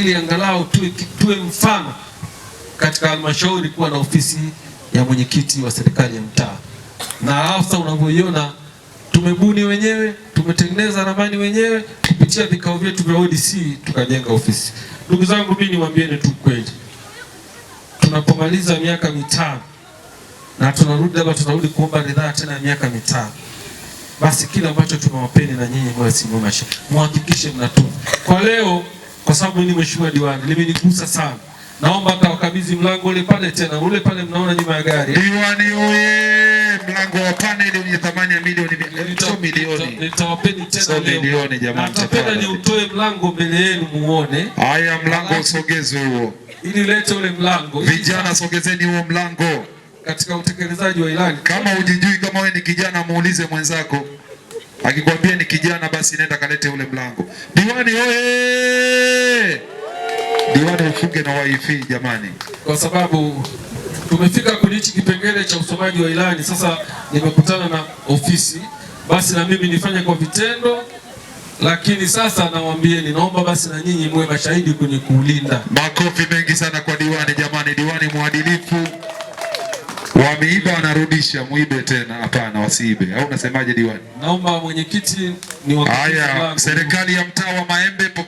ili angalau tuwe, tuwe mfano katika halmashauri kuwa na ofisi ya mwenyekiti wa serikali ya mtaa. Na hasa unavyoiona tumebuni wenyewe, tumetengeneza ramani wenyewe kupitia vikao vyetu vya ODC tukajenga ofisi. Ndugu zangu, mimi niwaambieni tu kweli, tunapomaliza miaka mitano na tunarudi labda tunarudi kuomba ridhaa tena miaka mitano basi kile ambacho tumewapeni na nyinyi mwe muhakikishe mnatunza kwa leo kwa sababu mimi mheshimiwa diwani limenigusa sana. Naomba hata wakabidhi mlango ule pale tena, ule pale mnaona nyuma ya gari. Diwani oye! Mlango wa paneli wenye thamani ya milioni milioni, nitawapeni tena milioni jamani, nitapenda ni utoe mlango mbele yenu muone. Haya, mlango usogezwe huo, ili lete ule mlango. Vijana sogezeni huo mlango katika utekelezaji wa ilani. Kama hujijui, kama wewe ni kijana, muulize mwenzako. Akikwambia ni kijana, basi nenda kalete ule mlango. Diwani oye! Diwani ufunge na wifi jamani, kwa sababu tumefika kwenye hichi kipengele cha usomaji wa ilani. Sasa nimekutana na ofisi, basi na mimi nifanye kwa vitendo lakini sasa nawaambieni, naomba basi na nyinyi muwe mashahidi kwenye kuulinda. Makofi mengi sana kwa diwani jamani, diwani mwadilifu. Wameiba wanarudisha, muibe tena? Hapana, wasiibe. Au unasemaje diwani? Naomba mwenyekiti, ni wakati. Haya, serikali ya mtaa wa Maembe